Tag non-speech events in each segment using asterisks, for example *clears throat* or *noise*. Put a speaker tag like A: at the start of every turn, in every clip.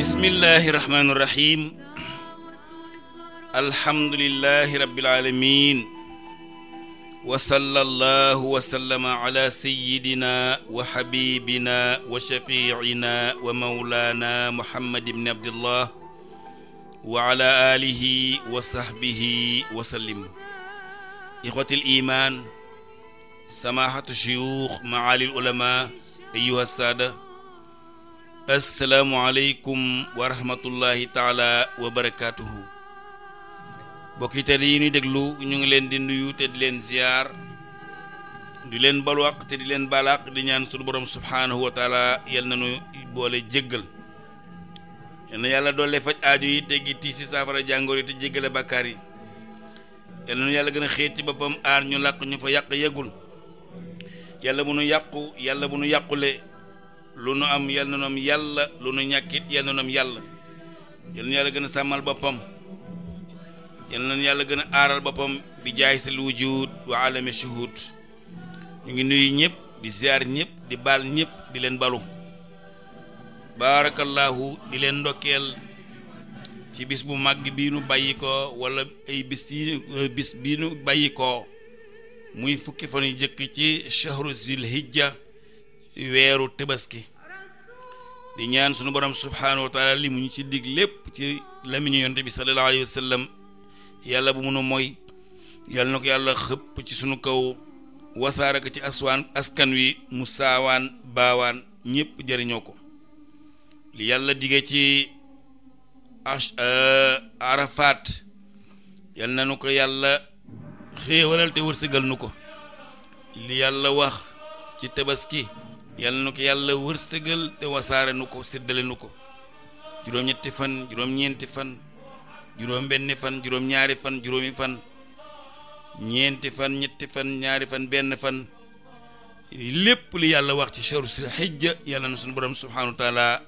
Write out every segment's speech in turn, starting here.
A: bismillahi rahmaani rahim alhamdulillahi rabbil aalamiin wa sallallahu wa sallama ala sayyidina wa habibina wa shafiicina wa mawlaana Muhammad ibn Abdillah wa ala aalihi wa sahbihi wa sallim ixwatil iimaan samaahatu shuyuux ma'aalil ulamaa ayyuha saada asalaamualeykum wa rahmatullahi taala wa barakaatuhu bokki te yi ñuy déglu ñu ngi leen di nuyu te di leen ziyaar di leen balwaq te di leen balaax di ñaan sunu borom subhaanahu wa taala yal na nu boole jéggal yal na yàlla doole faj aajo yi teggi tii si saafara jàngoor yi te jéggale bàkkaar yi yal na nu yàlla gën a xeet ci boppam aar ñu làq ñu fa yàq yeggul yàlla bu nu yàqu yàlla bu nu yàqule lu nu am yal na nu yàlla lu nu ñàkkit yal na yàlla yal na yàlla gën a sàmmal boppam yal na yàlla gën a aaral boppam bi jaay si lu wa alami shuhud ñu ngi nuyu ñëpp di ziar ñëpp di baal ñëpp di leen balu baarakallaahu di leen ndokkeel ci bis bu màgg bii nu bàyyi koo wala ay bis yi euh, nu bàyyi koo muy fukki fan yu jëkk ci shahru zil weeru tabaski di ñaan sunu borom subhaanahu wa li mu ñu ci dig lépp ci lamiñu yonte bi sallallahu alayhi wa yàlla bu munu mooy yàlla na ko yàlla xëpp ci sunu kaw wasaare ko ci aswaan askan wi mu saawaan baawaan ñëpp jariñoo ko li yàlla dige ci euh, arafaat yal na nu ko yàlla xéewalal te wërsëgal nu ko li yàlla wax ci tabaski yal na yàlla wërsëgal te nu ko séddale nu ko juróom fan juróom fan juróom fan juróom fan juróomi fan ñeenti fan fan ñaari fan benn fan lépp li yàlla wax ci charu si xijja na suñu boroom subhanahu wa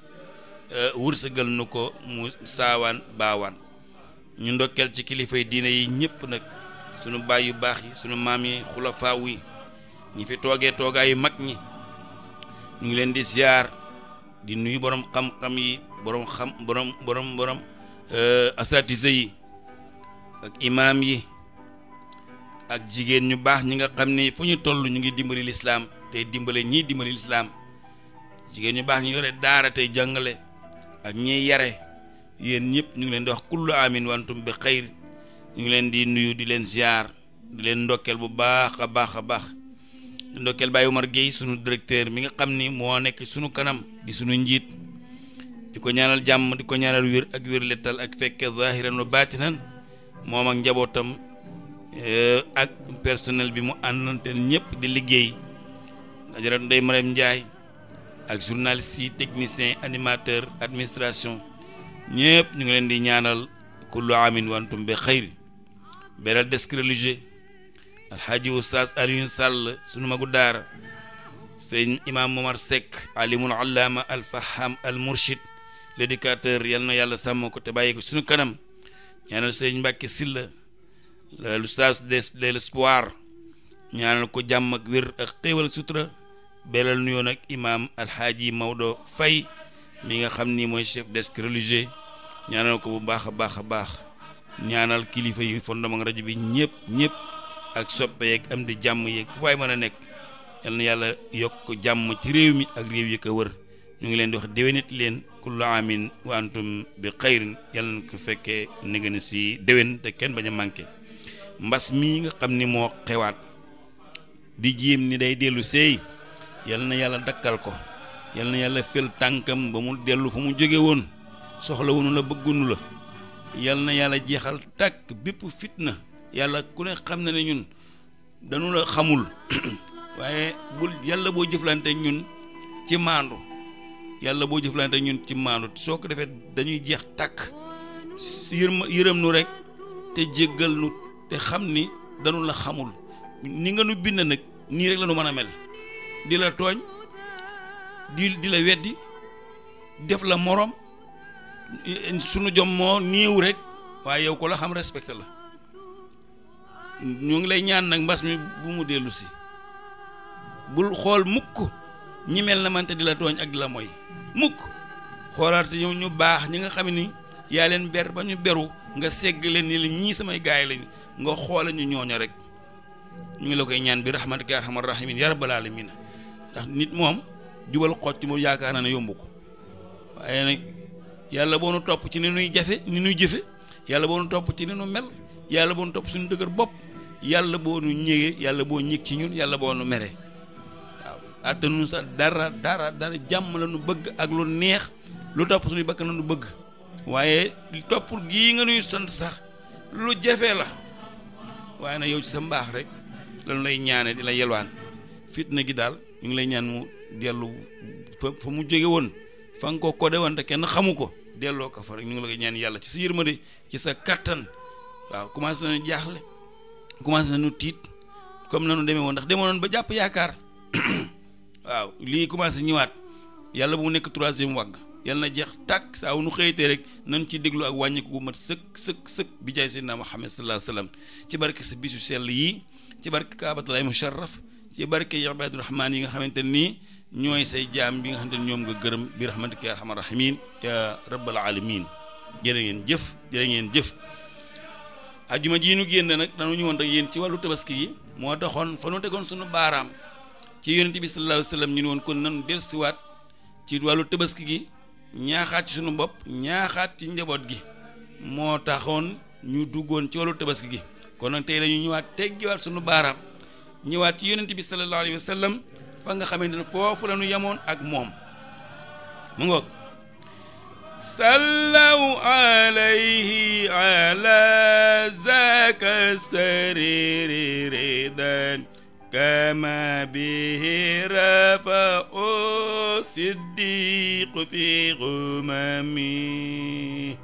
A: euh, wërsëgal nu ko mu saawaan baawaan ñu ndokkeel ci kilifay diine yi ñëpp nag sunu baay yu baax yi sunu maam yi xulafaaw yi ñi fi toogee toogaayu mag ñi ñu ngi leen di ziar di nuyu borom xam-xam yi borom xam borom borom borom euh, asatise yi ak imaam yi ak jigéen ñu baax ñi nga xam ni fu ñu toll ñu ngi dimbali lislaam tey dimbale ñii dimbali lislaam jigéen ñu baax ñu yore daara tey jàngale ak ñiy yare yéen ñëpp ñu ngi leen di wax kullu amin wantum bi xayr ñu ngi leen di nuyu di leen ziar di leen ndokkeel bu baax a baax a baax ndokkeel Baye Umar Guèye sunu directeur mi nga xam ni moo nekk sunu kanam di sunu njiit di ko ñaanal jàmm di ko ñaanal wiir ak wér lettal ak fekke zahiran baati baatinan moom ak njabootam eh, ak personnel bi mu àndanteel ñëpp di liggéey Ajaratu Ndeye Mariam Ndiaye ak journaliste yi technicien animateur administration ñëpp ñu ngi leen di ñaanal kullu amin wantum bi xayri beral desk religieux alxaaji oustaz Alioune Sall sunu magu daara sëñ imam Momar Seck alimul allaama alfaham al murshid l'éducateur yal na yàlla sàmm ko te bàyyi ko suñu kanam ñaanal sëñ Mbàkke Silla l'oustaz de l'espoir ñaanal ko jàmm ak wér ak xéewal sutura beelal nuyoo nag imam alxaaji Maodo Faye mi nga xam ni mooy chef desk religieux ñaanal ko bu baax a baax a baax ñaanal kilifa yu fondement rajo bi ñëpp ak soppe yeeg am di jàmm yeeg fu faay mën a nekk yal na yàlla yokk jàmm ci réew mi ak réew yi ko wër ñu ngi leen di wax déwénit leen kullu amin wa antum bi xayrin yal na ko fekkee ni si déwén te kenn bañ a manqué mbas mii nga xam ni moo xewaat di jiim ni day dellu seey yal na yàlla dakkal ko yal na yàlla fel tànkam ba mu dellu fu mu jóge woon soxla wunu la bëggunu la yal na yàlla jeexal tàkk bépp fitna yàlla ku ne xam na ne ñun dañu la xamul *clears throat* waaye bul yàlla boo jëflante ñun ci maandu yàlla boo jëflante ñun ci maandu soo ko defee dañuy jeex tàkk yërëm yërëm nu rek te jéggal nu te xam ni dañu la xamul ni nga nu bind nag nii rek la mën a mel di la tooñ di di la weddi def la moroom sunu jom moo néew rek waaye yow ko la xam respecté la ñu ngi lay ñaan nag mbas mi bu mu dellu si bul xool mukk ñi mel na mante di la tooñ ak di la mooy mukk xoolaat ñu ñu baax ñi nga xam ni yaa leen ber ba ñu beru nga segg leen ni ñii samay gaay lañ nga xoola ñu ñooño rek ñu ngi la koy ñaan bi rahmatika arhamar rahimin ya rabbal alamin ndax nit moom jubal xocc mu yaakaar naa ne yomb ko waaye nag yàlla boo nu topp ci ni nuy jafe ni nuy jëfe yàlla boo nu topp ci ni nu mel yàlla boo nu topp suñu dëgër bopp yàlla boo nu ñëwee yàlla boo ñëg ci ñun yàlla boo nu mere waaw attanu sax dara dara dara jàmm la nu bëgg ak lu neex lu topp suñu bakk na nu bëgg waaye topp gii nga nuy sant sax lu jafe la waaye nag yow ci sa mbaax rek lañu lay ñaane di la yelwaan fitna gi daal ñu ngi lay ñaan mu dellu fa mu jóge woon fa nga woon te kenn xamu ko delloo ko fa rek ñu ngi la ñaan yàlla ci sa yërmande ci sa kàttan waaw commencé nañu jaaxle commencé nañu tiit comme nanu demee woon ndax demoon ba jàpp yaakaar *coughs* waaw lii commencé ñëwaat yàlla mu nekk troisième wàgg yàlla na jeex takk saa wu nu xëytee rek nañ ci déglu ak wàññi ko bu mat sëkk sëkk sëkk bi jaay seydina Muhammad sallallahu alayhi wasallam ci barke sa bisu sell yi ci barke Kaabatulaay musharraf ci barke ibaadu rahmaan yi nga xamante nii ñooy say jaam bi nga xamante ni ñoom nga gërëm bi rahmatika ya arhamar rahimin ya rabbal alamin jërë ngeen jëf jërë ngeen jëf ajuma ji nu génn nag danu ñëwoon woon rek ci wàllu tabaski yi moo taxoon fa nu tegoon sunu baaraam ci yonent bi sallallahu alayhi ñu ne woon kon nanu dellusiwaat ci wàllu tabaski gi ñaaxaat ci sunu bopp ñaaxaat ci njaboot gi moo taxoon ñu duggoon ci wàllu tabaski gi kon nag tey dañu ñëwaat teggiwaat sunu baaraam ñëwaat ci yonent bi sallallahu alayhi wasallam fa nga xamante ne foofu la ñu yemoon ak moom mu ngoog صلوا عليه على ذاك السرير رضا كما به رفع الصديق في غممه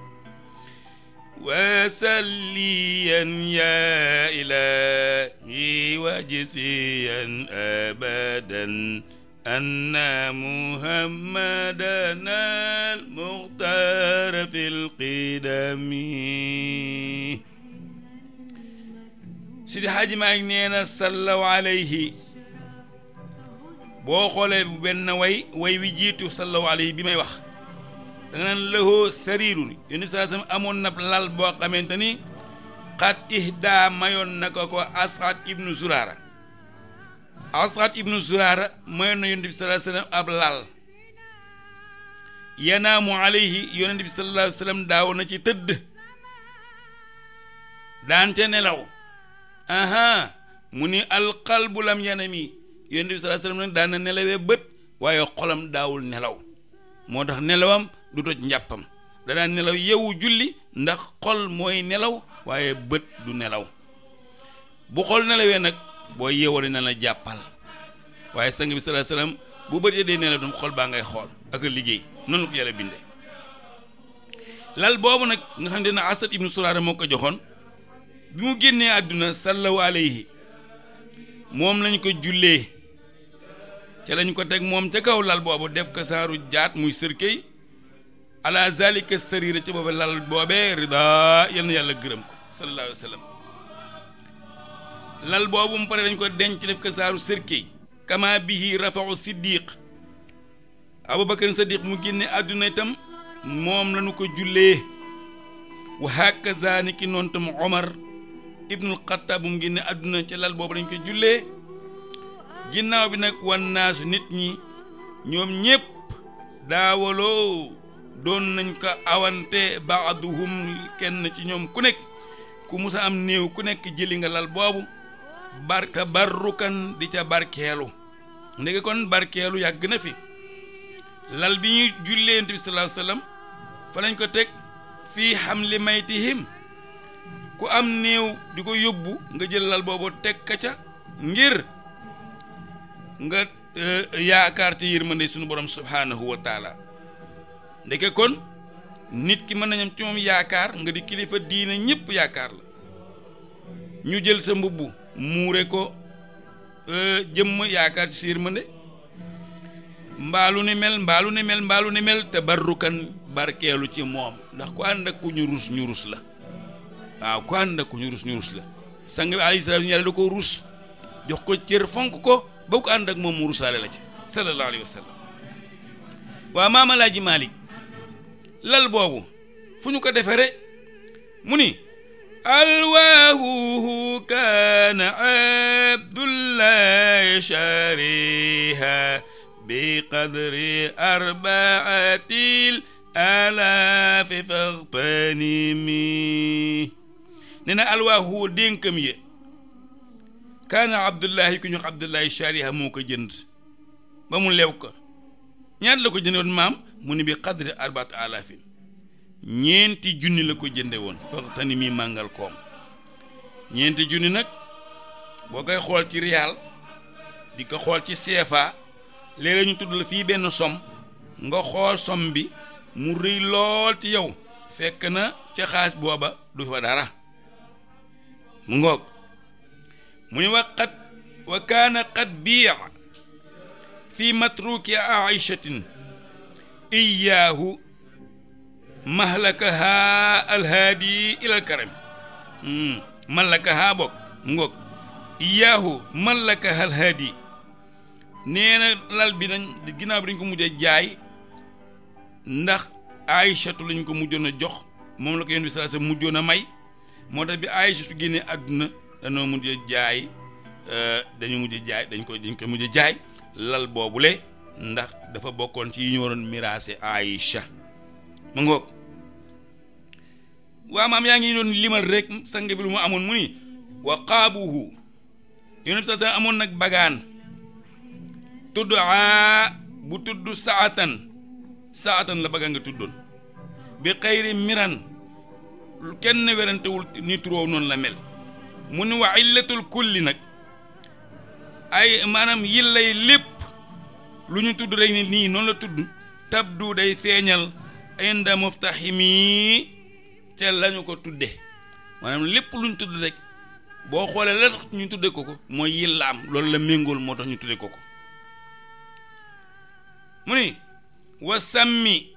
A: وسليا يا إلهي وجسيا أبدا أن محمدنا المختار في القدم Sidi Xaaji Maalik nee na sallaw alayhi boo xoolee bu benn way way wi jiitu sallaw alayhi bi may wax da nga lahoo sariirun Yonent bi sallallahu alayhi wa sallam amoon na lal boo xamante ni xat ihdaa mayoon ko ko Asad ibnu Zuraara asrat ibnu zuraara mayoon na yonent bi sallallahu ab lal yanaamu alayhi yonent bi sallallahu alayhi wasallam daaw na ci tëdd daante nelaw aha mu ni alqalbu lam yanami yonent bi sallallahu alayhi nag daan na nelawee bët waaye xolam daawul nelaw moo tax nelawam du toj njàppam danaa nelaw yewu julli ndax xol mooy nelaw waaye bët du nelaw bu xol nelawee nag boo yeewoo na la jàppal waaye sang bi sallallahu alayhi wasallam bu bëri day ne la dum xool baa ngay xool ak liggéey noonu ko yàlla bindee lal boobu nag nga xam ne Asad ibnu Suraara moo ko joxoon bi mu génnee àdduna sallahu alayhi moom lañ ko jullee ca lañ ko teg moom ca kaw lal boobu def ko saaru jaat muy sërkëy ala zalika sarira ca booba lal boobee rida yal yàlla gërëm ko sallallahu alayhi lal boobu mu pare dañ ko denc def ko saaru sërki kama bihi rafaxu siddiq aboubacar sadiq mu génne àdduna moom lañu ko jullee wa hakaza ni ki noonu omar ibnul xattaab mu génne àdduna ca lal boobu dañ ko jullee ginnaaw bi nag wan naasu nit ñi ñoom ñépp daawaloo doon nañ ko awante baaduhum kenn ci ñoom ku nekk ku musa am new ku nekk jëli nga lal boobu barka barrukan di ca barkeelu ndeke kon barkeelu yàgg na fi lal bi ñuy jullee bi sallallahu wasallam fa lañ ko teg fii hamli maytihim ku am néew di ko yóbbu nga jël lal boobu teg ka ca ngir nga eh, yaakaar ci yërmande sunu borom subhanahu wa taala kon nit ki mën nañam ci moom yaakaar nga di kilifa diina ñëpp yaakaar la ñu jël sa mbubb muure ko e, jëmm yaakaar ci sirmande mbaalu ni mel mbaalu ni mel mbaalu ni mel tabarrukan barkeelu ci moom ndax ku ànd ak ku ñu rus ñu rus la waaw ku ànd ak ku ñu rus ñu rus la sang bi alayhi salaam yàlla da ko rus jox ko cër fonk ko ba ko ànd ak moom mu rusaale la ci sallallahu alayhi wa sallam waa maama laaji lal boobu fu ñu ko defaree mu ni alwaahu kaan abdullahi shariha bi qadri arbaatil alaafi faqtanimi nee na alwaahu dénkam ye kaan abdullahi ku ñu abdullahi shariha moo ko jënd ba mu lew ko ñaata la ko jëndoon maam mu ni bi qadri arbaat alaafin ñeenti junni la ko jënde woon faxtani mi màngal koom ñeenti junni nag boo koy xool ci riyaal di ko xool ci CFA léeg-léeg ñu tudd la fii benn somme nga xool somme bi mu rëy lool ci yow fekk na ca xaas booba du fa dara mu ngoog mu ñu wax xat wa kaana xat biya fi matruki aichatin iyaahu mahlakaha alhaadi ilal karam hmm, mallakaha boog ngoog iyaahu mallakaha alhaadi nee na lal bi nañ ginaaw bi dañ ko mujjee jaay ndax aïchatu lañ ko mujjoon a jox moom la ko yéen bi sallallahu alayhi a may moo tax bi aïchatu génnee àdduna dañoo mujjee jaay euh, dañu mujj jaay dañ koy dañ koy jaay lal boobule ndax dafa bokkoon ci yi ñu waroon miraase Aïcha mu ngoog waa maam yaa ngi doon limal rek sang bi amoon mu ni wa xaabuhu yonent bi sa amoon nag bagaan tudd aa bu tudd saatan saatan la bagaan nga tuddoon bi xayri miran kenn werantewul ni turoo noonu la mel mu ni wa illatul kulli nag ay maanaam yillay lépp lu ñu tudd rek ni nii noonu la tudd tabdu day feeñal inda muftahimi te lañu ko tudde maanaam lépp luñ tudd rek boo xoolee la tax ñu tudde ko ko mooy yillaam loolu la méngool moo tax ñu tudde ko ko mu ni wa sàmmi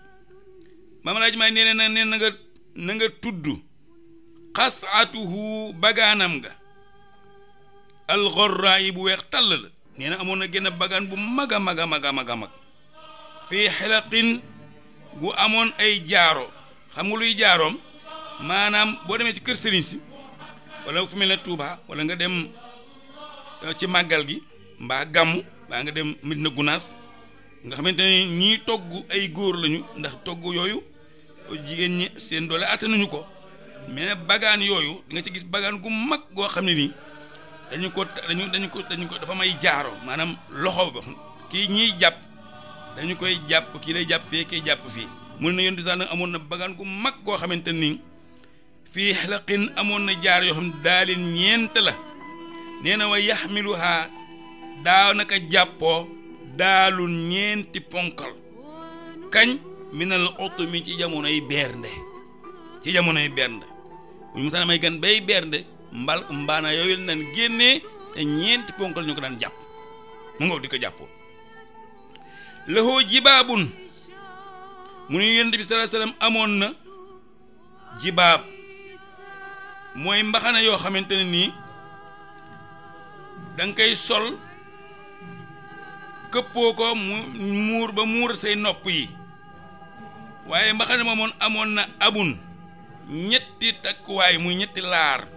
A: maam laaj maay nee na nee na nga na nga tudd xasaatuhu bagaanam ga alxorraa bu weex tàll la nee amoon na genn bagaan bu mag a mag a mag a mag a mag fii xelaqin gu amoon ay jaaro xam nga luy jaaroom maanaam boo demee ci kër sëriñ si wala fu mel ne Touba wala nga dem euh, ci màggal gi mbaa gàmmu mbaa nga dem Medina Gunaas nga xamante ne ñii togg ay góor lañu ndax togg yooyu jigéen ñi seen doole attanuñu ko mais bagaan yooyu di ci gis bagaan gu mag goo xam ne nii dañu ko dañu dañu ko dañu ko dafa may jaaro maanaam loxo ba kii ñiy jàpp dañu koy jàpp kii lay jàpp fii jàpp fii mun na yéen di sax nag amoon na bagaan gu mag goo xamante nii fii xalaqin amoon na jaar yoo xam ne daalin ñeent la nee na wa yaxmiluhaa daa naka jàppoo daalu ñeenti ponkal kañ minal utumi ci jamonoy bernde ci jamonoy bernde bu ñu mosaan may gan bay bernde mbal mbaana yooyu lañ daan génnee te ñeenti ponkal ñu ko daan jàpp mu ngoog di ko jàppoo lahoo jibaabun mu nu yonent bi sallallahu amoon na jibaab mooy mbaxana yoo xamante ne nii da koy sol këppoo ko mu muur ba muur say nopp yi waaye mbaxana ma moon amoon na abun ñetti takkuwaay muy ñetti laar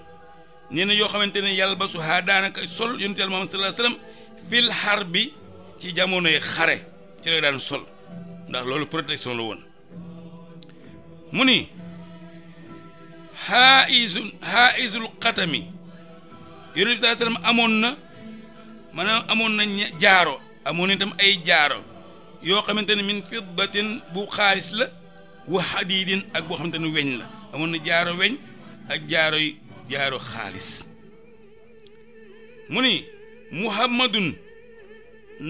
A: nee yoo xamante ne yàlla ba haa daanaka sol yonent yàlla Muhammad sallallahu alayhi fil xar bi ci jamonoy xare ci la daan sol ndax loolu protection la woon mu ni xaaisun xaaisul xatami yonent bi saa sallam amoon na maanaam amoon na jaaro amoon na itam ay jaaro yoo xamante ne min fiddatin bu xaalis la wa xadiidin ak boo xamante ne weñ la amoon na jaaro weñ ak jaaro jaaro xaalis mu ni muhammadun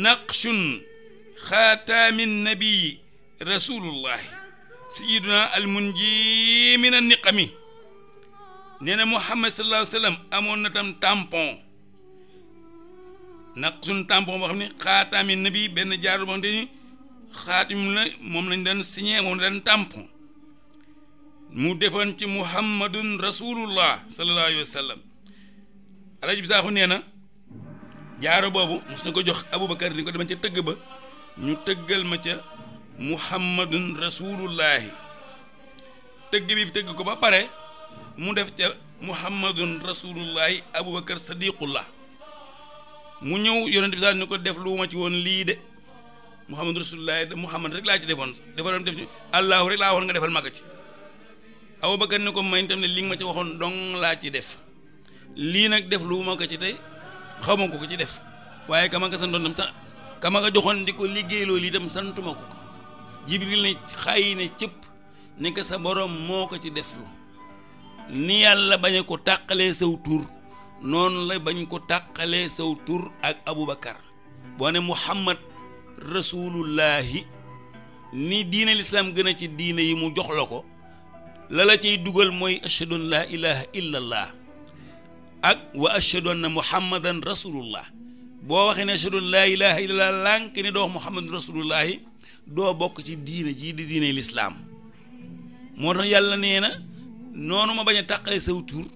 A: naqshun xaataami nabii rasulullahi sayiduna almunji min anniqami nee na Muhammad sallallahu alayhi wa sallam amoon na tam tampon ndax suñ tàmpon boo xam ne xaataami nabi benn jaarul boo xam ni xaatim la moom lañ daan signé moom la daan tampon mu defoon ci muhammadun rasulullah sallallahu alayhi wa sallam alaji bi saaxu nee na jaaro boobu mos na ko jox aboubacar ni ko demal ca tëgg ba ñu tëggal ma ca muhammadun rasulullahi tëgg bi tëgg ko ba pare mu def ca muhammadun rasulullahi abubakar sadiqullah mu ñëw yonent bi saa ni ko def lu ma ci woon lii de muhammad rasulullahi muhammad rek laa ci defoon defa def ci allahu laa waxoon nga defal màgg ci abubakar ni ko may tam ne li nga ma ci waxoon dong laa ci def lii nag def lu ma ko ci tey xaw ma ko ko ci def waaye kama ka santoon tam sa kama ka joxoon di ko liggéeyloo lii tam santuma ko ko jibril ne xaayi ne cëpp ne sa borom moo ko ci def lu ni yàlla bañ ko tàqalee saw tur noonu la bañ ko tàqalee saw tur ak Aboubacar boo ne Muhammad rasulullahi ni diina lislaam gën ci diina yi mu jox la ko la la ciy dugal mooy ashhadu laa ilaha illa allah ak wa ashhadu anna muhammadan rasulullah boo waxee ne ashhadu laa ilaha illa allah lànk ni doo wax muhammadan rasulullahi doo bokk ci diine jii di diine lislaam moo tax yàlla nee na noonu ma bañ a tàqale saw tur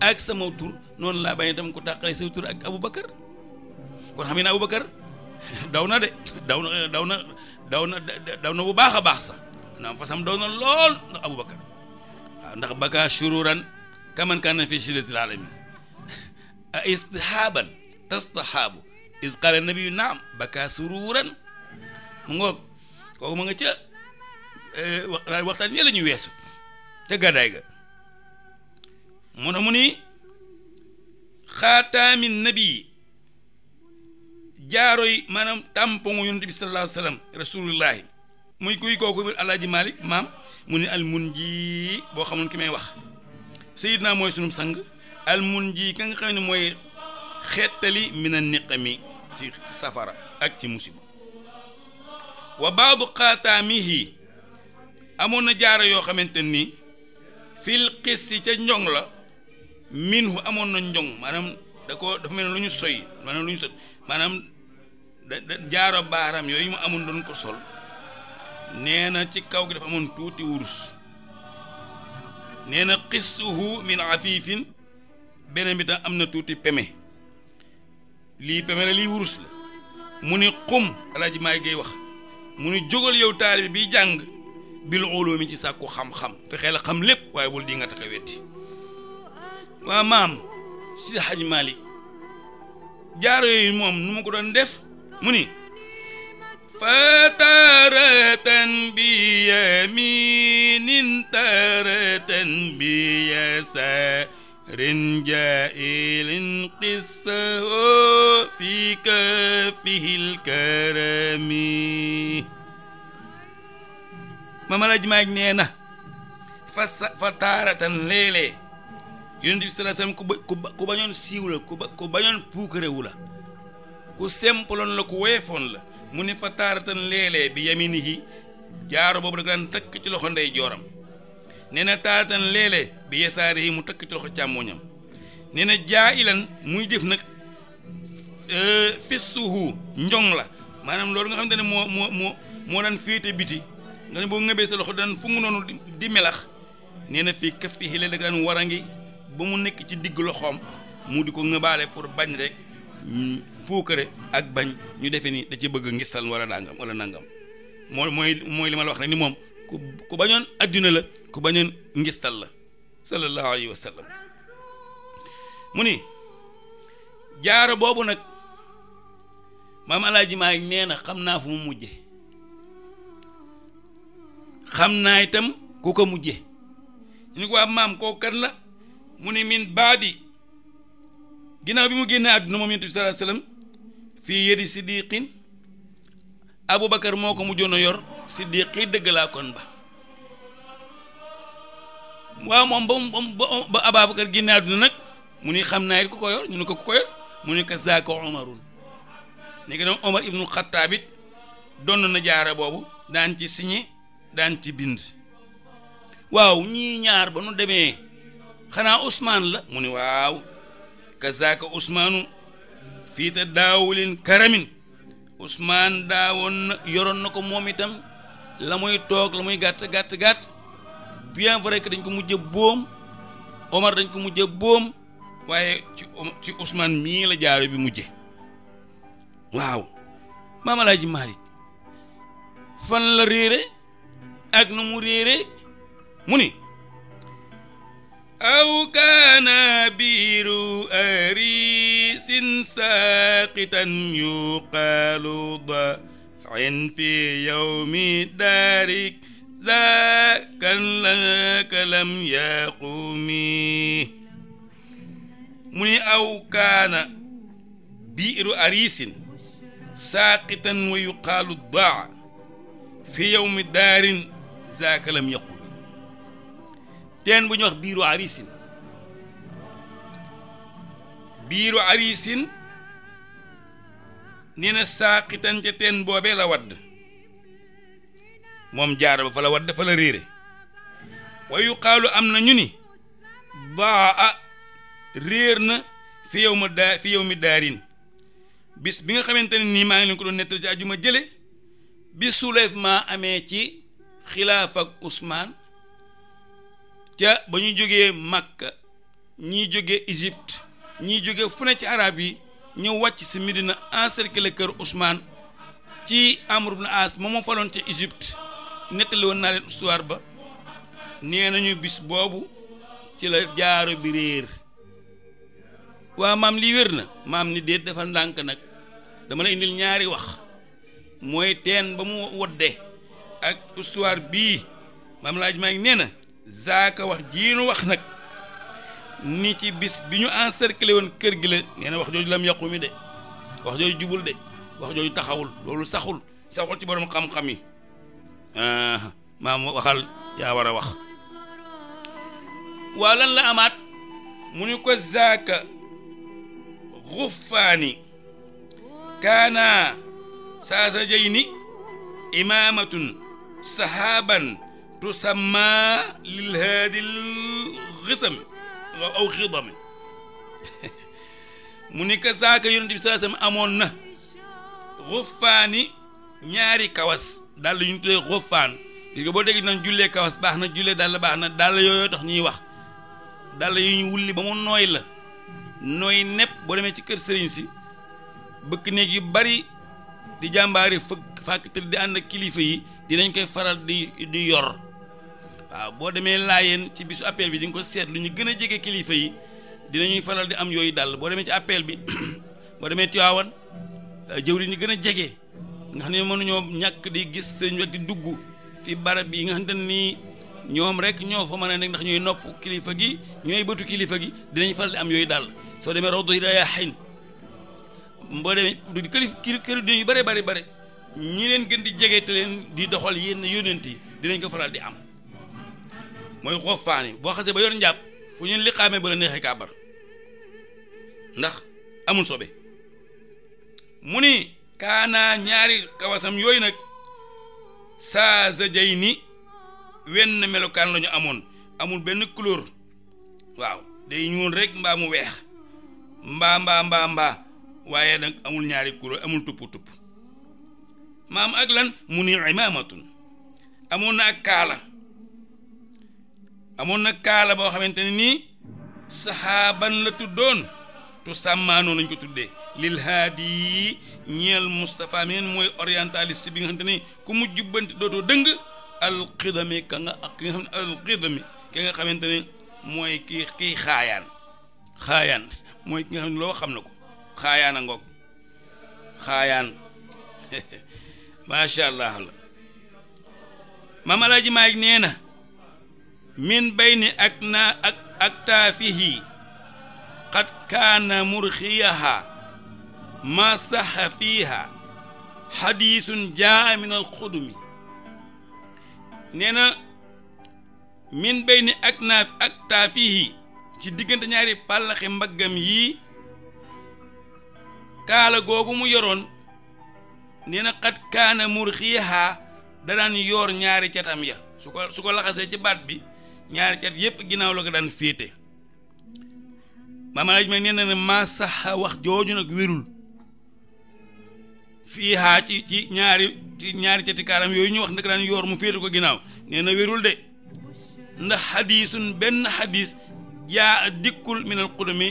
A: ak sama tur noonu laa bañ tam ko tàqale saw tur ak Aboubacar kon xam ne Aboubacar *laughs* daw na de daw na daw na daw na daw na bu baax a baax sax naam fasam daw na lool ndax Aboubacar waaw ndax baka shururan kaman kaana fi shillatil alamin *laughs* a istihaaban tastahaabu is qala nabiyu naam baka sururan mu ngoog kooku ma nga ca eh, waxtaan ñe la ñu weesu ca gàddaay ga mu ne mu ni xaataami nabi jaaro yi maanaam tampoŋu yonent bi sallallahu alayhi wa sallam rasulullahi muy kuy kooku alaaji Malick maam mu ni almunji boo xamul ki may wax sayidna mooy sunum sang almunji ka nga xam ne mooy xettali mina niqami ci safara ak ci musiba wa baadu xaataamihi amoon na jaaro yoo xamante ni fil xis yi ca njoŋ la minhu amoon na njong maanaam da ko dafa mel ne lu ñu soy maanaam lu ñu soy maanaam da jaaro baaraam yooyu mu amoon doon ko sol nee na ci kaw gi dafa amoon tuuti wurus nee na xissuhu min afifin beneen bi tam am na tuuti peme lii peme la lii wurus la mu ni xum alaaji maay gay wax mu ni jógal yow taalibi bi jàng bil ulumi ci sàkku xam-xam fexee la xam lépp waaye bul di nga tax a wetti waa maam si xaj Malick jaaro yooyu moom nu ma ko doon def mu ni fataratan bi yaminin taratan bi yasarin jailin qissahu fi kafihil karami mamalaj maaj nee na fa fa taaratan léeg-léeg yonent bi sallallahu alayhi wasallam ku ba bañoon siiw la ku ba ku bañoon puukarewu la ku sempaloon la ku woyefoon la mu ne fa taaratan léeg-léeg bi yaminihi jaaro boobu da ko daan takk ci loxo ndey jooram nee na taaratan léeg-léeg bi yesaarihi mu takk ci loxo càmmoñam nee na jaa ilan muy def nag euh, fissuhu njong la maanaam loolu nga xam ne moo moo moo moo daan féete biti nga ne boo ngëbee sa loxo daan fu ngu noonu di melax nee na fii kaffihi la da ko daan warangi ba mu nekk ci digg loxoom mu di ko ŋëbaale pour bañ rek puukare ak bañ ñu defee ni da ci bëgg ngistal wala nangam wala nangam moo mooy mooy li wax rek ni moom ku ku bañoon adduna la ku bañoon ngistal la sallallahu alayhi wa sallam mu ni jaaro boobu nag maam alaaji maa nee na xam naa fu mu mujje xam naa itam ku ko mujje ñu ko am maam koo la mu ne min baadi ginnaaw bi mu génnee àdduna moom yonent bi sallallahu alayhi yor siddiqi dëgg laa kon ba waaw moom ba mu ba aboubacar génnee àdduna nag mu ni xam naa it ku ko yor ñu ne ko ku ko yor mu ni ko zaaka omarul ni ko omar ibnul xattaab donn na jaara boobu daan ci signé daan ci bind waaw ñii ñaar ba nu demee xanaa Ousmane la mu ni waaw kazaaka Ousmaanu fii te daawulin karamin usmaan daawoon na yoroon na ko moom itam la muy toog la muy gàtt gàtt gàtt bien vrai que dañ ko mujj boom Omar dañ ko mujj boom waaye ci ci Ousmane mii la jaaro bi mujje waaw maam Alaaji fan la réere ak nu mu réere mu ni aw kaana biiru arisin saaqitan yuqaalu dain fi yawmi daarik zaakan laka lam yaquumi mu ni aw kaana biiru arisin saaqitan wa yuqaalu daa fi yawmi daarin zaaka lam yaqu teen bu ñu wax biiru arisin biiru arisin nee na saaqitan ca teen boobee la wadd moom jaara ba fa la wadd fa la réere wa yuqaalu am na ñu ni daa a réer na fi yow ma daa mi daarin bis bi nga xamante ne nii maa ngi leen ko doon nettali ci àjjuma jële bi Souleymane amee ci xilaaf ak Ousmane ca ba ñu jógee Makka ñii jóge Égypte ñii jóge fu ne ci araab yi ñu wàcc si Medina encercler kër Ousmane ci Amr na As moom moo faloon ca Égypte nettali woon naa leen histoire ba nee nañu bis boobu ci la jaaro bi réer waa maam lii wér na maam ni déet dafa ndànk nag dama la indil ñaari wax mooy teen ba mu wodde ak histoire bii maam laaj may ngi nee na zaaka wax jiinu wax nag ni ci bis bi ñu encerclé woon kër gi la wax jooj lam yàqu mi de wax jooju jubul de wax jooju taxawul loolu saxul saxul ci borom xam-xam yi ah, maam waxal yaa war a wax waa lan la amaat mu ni ko zaaka xuffaani kaana saasajayni imaamatun sahaaban tusamma lil haadil xisami waaw aw xidami mu ni ka saaka yonent bi saa amoon na rufaani ñaari kawas dàll yu ñu tuddee rufaan gis boo déggee nañ jullee kawas baax na jullee dàll baax na dàll yooyu tax ñuy wax dàll yu ñu wulli ba mu nooy la nooy nepp boo demee ci kër sëriñ si bëkk néeg yu bari di jàmbaari fëkk fàkk te di ànd kilifa yi dinañ koy faral di di yor waaw boo demee laayeen ci bisu appel bi di nga ko seet ñu gën a jege kilifa yi dinañuy faral di am yooyu dal boo demee ci appel bi *clears throat* boo demee Tiwaawan euh, jëwri ñu gën a jege nga xam ne mënuñoo ñàkk di gis sëriñ bi di dugg fi barab yi nga xam ne nii ñoom rek ñoo fa mën a nekk ndax ñooy nopp kilifa gi ñooy bëtu kilifa gi dinañ faral di am yooyu dal soo demee Rawdu Rayaahiin boo demee du kilifa kër yu bare bare bare ñi leen gën di jege te leen di doxal yenn yónent yi dinañ ko faral di am. mooy xoof faani boo xasee ba yor njàpp fu ñun liqaamee ba la neexee ndax amul sobe mu ni kaanaa ñaari kawasam yooyu nag saa jay ni wenn melokaan la ñu amoon amul benn couleur waaw day ñuul rek mbaa mu weex mbaa mbaa mbaa waaye nag amul ñaari couleur amul tupp tupp maam ak lan mu ni imaamatun amoon na ak kaala amoon na kaala boo xamante ne nii saxaaban la tuddoon tu sàmmaanoo nañ ko tuddee lil haadi yi ñeel Moustapha mooy orientaliste bi nga xamante ni ku mu jubbanti dootoo dëng alxidami ka nga ak ki ki nga xamante ni mooy kii kii xaayaan xaayaan mooy ki nga xam ne loo xam na ko xaayaan a ngoog xaayaan *laughs* macha allah la maam alaaji nee na min bayni ak na ak aktaafihi qad kaana murxiyaha ma saxa fiiha xadiisun jaa min alxudumi nee na min bayni ak naa aktaafihi ci diggante ñaari pàllaxi mbaggam yii kaala googu mu yoroon nee na kaana murxiyaha danaan yoor ñaari catam ya su ko laxasee ci baat bi ñaari cat yëpp ginnaaw la ko daan féete maamalaaj ma nee na ne maa sax wax jooju nag wérul fii haa ci ci ñaari ñaari cati kaaram yooyu ñu wax nag daan yoor mu féete ko ginnaaw nee na wérul de ndax xadiisun benn xadiis yaa dikkul minal qudumi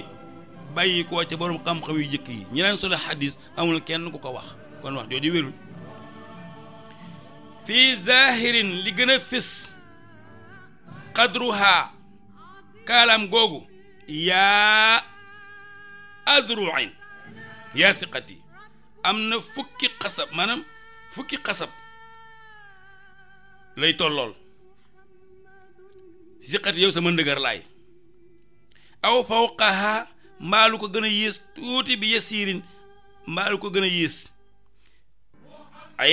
A: bàyyi koo ca borom xam-xam yu jëkk yi ñi daan solo xadiis amul kenn ku ko wax kon wax jooju wérul fii zahirin li gën a fis qadruha kaalaam googu yaa azruin yaa siqati am na fukki xasab maanaam fukki xasab lay tollool siqati yow sama ndëgër laay aw fawqaha mbaalu ko gën a yées tuuti bi yasiirin mbaalu ko gën a yées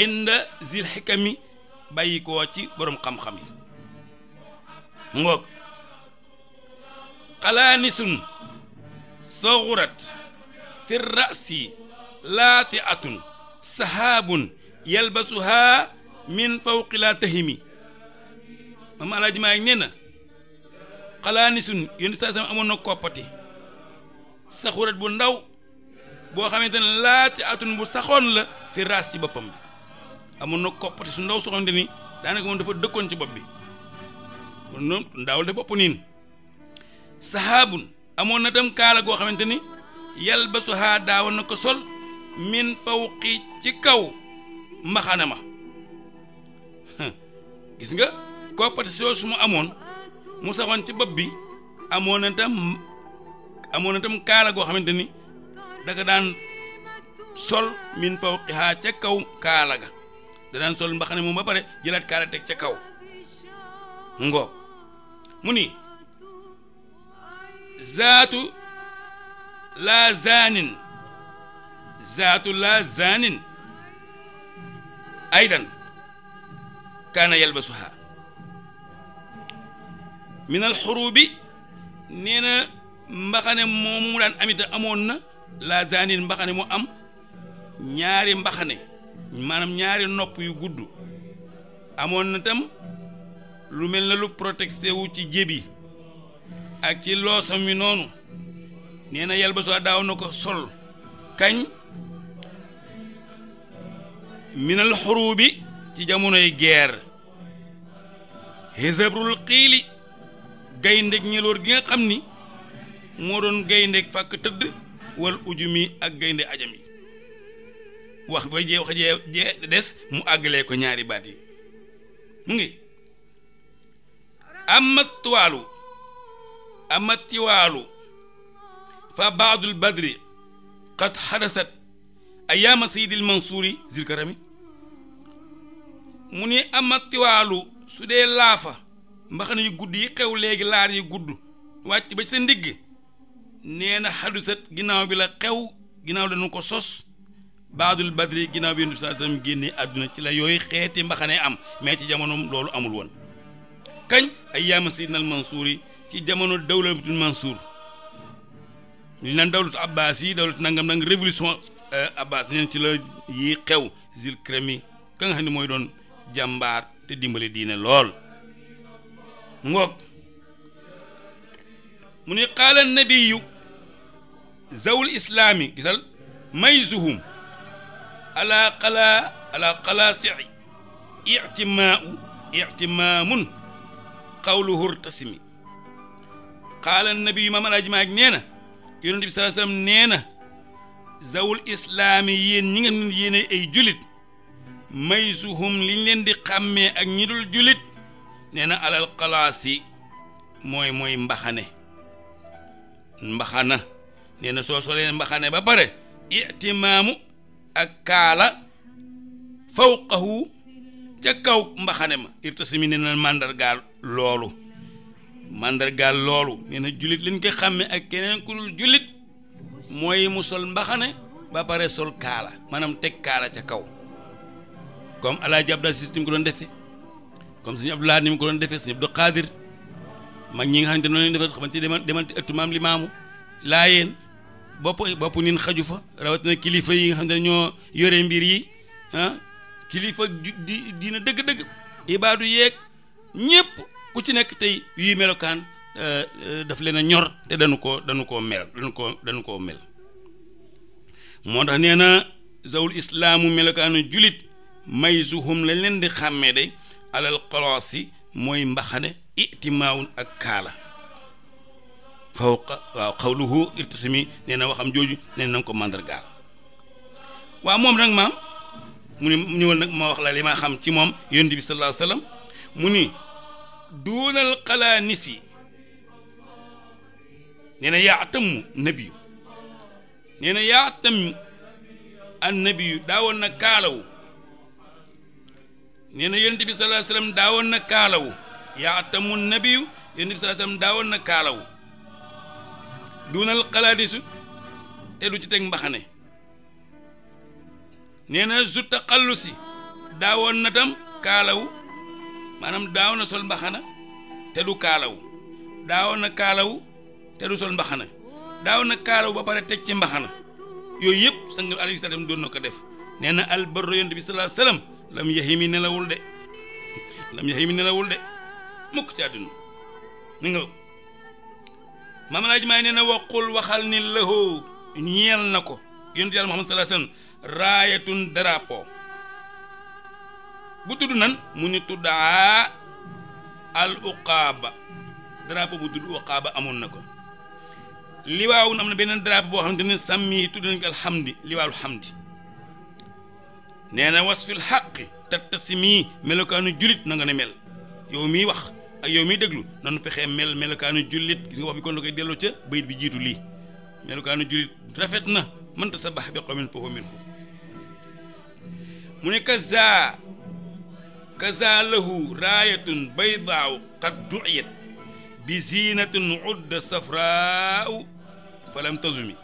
A: inda zil xikami bàyyi koo ci boroom xam-xam yi ngoog xalaanisun soxurat fi rasi laati atun sahaabun yalbasuhaa min fawqi laa tahimi maam alaaji maa ngi nee na xalaanisun amoon na koppati saxurat bu ndaw boo xamante ne laati atun bu saxoon la fi raas ci boppam bi amoon na koppati su ndaw soo xamante ni daanaka moom dafa dëkkoon ci bopp bi noonu ndaw de bopp niin sahaabun amoon na tam kaala goo xamante ni yalbasuhaa daawoon na ko sol min fawqi ci kaw mbaxana ma gis nga koppati soo su mu amoon mu saxoon ci bopp bi amoon na tam amoon na tam kaala goo xamante ni daga daan sol min fawqihaa ca kaw kaala ga da daan sol mbaxane moom ba pare jëlaat kaala teg ca kaw ngoog mu ni zaatu laa zaanin zaatu laa zaanin aydan kaana yalbasuha min alxurubi nee na mbaxane moomu mu daan amit amoon na laa zaanin mbaxane mu am ñaari mbaxane maanaam ñaari nopp yu gudd amoon na tam lu mel na lu protesté wu ci jébi ak ci loosam mi noonu nee na yàlla daaw na ko sol kañ minal bi ci jamonoy guerre xesabrul xiili gayndeg ñeloor gi nga xam ni moo doon gayndeg fàkk tëdd wal mi ak gaynde ajam yi wax ba jee wax jee des mu àggalee ko ñaari baat yi mu ngi أما الطوال أما الطوال فبعض البدر قد حدثت أيام سيد المنصور ذي الكرم mu ni ama tiwaalu su dee laafa mbaxana yu gudd yi xew léegi laar yu gudd wàcc ba sa ndigg nee na xadusat ginnaaw bi la xew ginnaaw dañu ko sos baadul badri ginnaaw bi yonent bi sallallahu alayhi wasallam génnee àdduna ci la yooyu xeeti mbaxane am mais ci jamonoom loolu amul woon kañ ay yaama sayyidina al Mansuur yi ci jamono dawlatul Mansuur ñu naan dawlatu Abbas yi dawlatu nangam nang révolution euh, Abbas neen ci la yi xew zil kremi ka nga xam ne mooy doon jàmbaar te dimbali diine lool ngoog mu ni qaala nabiyu zawul islaami gisal ictimaau ictimaamun xawlu hurtasimi qaala nabi yu maam alaaji maag na yonent bi sallallahu alayhi wasallam na zawul islaami yéen ñi nga xam ne yéene ay julit maysuhum liñ leen di xàmmee ak ñi dul julit nee na alal xalaasi moy mooy mbaxane mbaxana nee na soo mbaxane ba pare itimaamu ak kaala fawqahu ca kaw mbaxane ma irtasimi nee na màndargaal loolu màndargaal loolu nee na jullit liñ ko xàmme ak keneen ku dul jullit mooy mu sol mbaxane ba pare sol kaala maanaam teg kaala ca kaw comme alaaji Abdou Aziz ni mu ko doon defee comme suñu Abdoulaye ni mu ko doon defee suñu Abdou Khadir mag ñi nga xamante noonu lañ defee xamante demal demal ci ëttu maam li maamu laayeen bopp bopp nin xaju fa rawatina kilifa yi nga xam ne ñoo yore mbir yi ah, kilifa di diina dëgg-dëgg ibaadu yeeg ñëpp ku ci nekk tey yuy melokaan euh, euh, daf leen a ñor te dañu ko dañu koo mel dañu koo dañu koo mel moo tax nee na zawul islaamu melokaanu julit may zuhum lañ leen di xàmmee de alal xoloos yi mooy mbaxane itimaawun ak kaala fawqa waaw xawluhu irtisimi nee waxam jooju nee na ko màndargaal waaw moom nag maam mu ni ñëwal nag ma wax la li ma xam ci moom yonent bi sallallahu alayhi mu ni duunal xalaanisi nee na yaatamu nabiyu nee na yaatamu an nabiyu daawoon na kaalawu nee na yonent daawoon na kaalawu yaatamu mu yonent bi salaa daawoon na kaalawu duunal xalaanisu te du ci teg mbaxane nee na zu taqallusi daawoon na tam kaalawu maanaam daaw na sol mbaxana te du kaalawu daaw na kaalawu te du sol mbaxana daaw na kaalawu ba pare teg ci mbaxana yooyu yëpp sang alayhi salaam na ko def nee na albarro yonent bi salaa salaam lam yahimi nelawul de lam yahimi nelawul de mukk ci àdduna ni nga maam laaj na waqul waxal ni lahoo ñeel na ko yonent yàlla Muhammad salaa salaam raayatun drapeau bu tudd nan mu ñu tuddaa al uqaaba drapeau bu tudd uqaaba amoon na ko liwaawun am na beneen drapeau boo xam ne sàmmi tudd nañ ko alhamdi liwaawul hamdi nee na wasfil xaqi tattasimi melokaanu jullit nanga nga ne mel yow miy wax ak yow mii déglu nanu fexee mel melokaanu jullit gis nga wax bi kon la koy ca bayit bi jiitu lii melokaanu jullit rafet na mënta sa bax bi qawmin fa huwa mu ne kaza kaza lahu raayatun baydaaw qad du'iyat bi ziinatin udda safraaw falam tazumi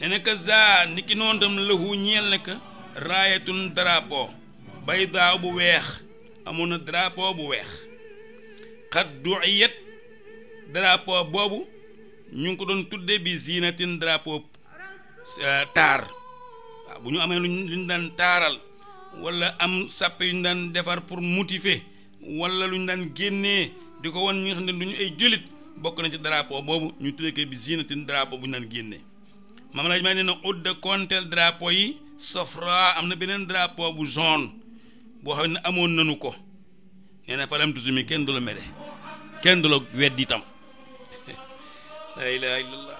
A: ne na kaza ni ki noonu tam lahu ñeel baydaaw bu weex amoon na bu weex qad du'iyat drapeau boobu ñu ngi ko doon tudde bi ziinatin drapeau euh, taar waaw bu ñu amee luñ taaral wala am sàppe yu daan defar pour motiver walla lu daan génnee di ko wan ñi xam ne du ay jullit bokk na ci drapeau boobu ñu tuddee ko bi zinatin drapeau bu ñu daan génnee maam laaj maa ne na udda konteel drapeau yi sofra am na beneen drapeau bu jaune boo xam ne amoon nanu ko nee na falam tusu mi kenn du la mere kenn du la weddi itam *laughs* la ilaha illallah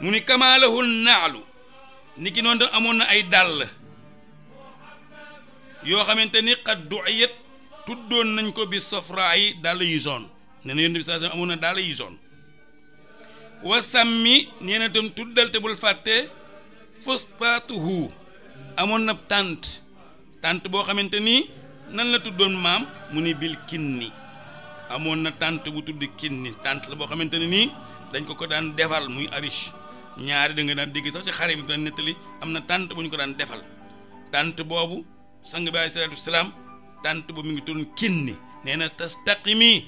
A: mu ni kamaalahul naalu ni ki noonu amoon na ay dàll yoo xamante ni xat du ayet tuddoon nañ ko bi sofra yi daal yu jaune nee na yonent bi amoon na daal yu jaune wa sàmmi nee na itam tuddal te bul fàtte fostatuhu amoon na tànt tànt boo xamante ni nan la tuddoon maam mu ni bil kinni amoon na tànt bu tudd kinni tànt la boo xamante ne nii dañ ko ko daan defal muy arish ñaari da nga daan dégg sax ci xare bi daan nettali am na tànt bu ñu ko daan defal tànt boobu sang bi alayhi salaatu wasalaam tànt bu mi ngi turoon kinni nee na tastaqimi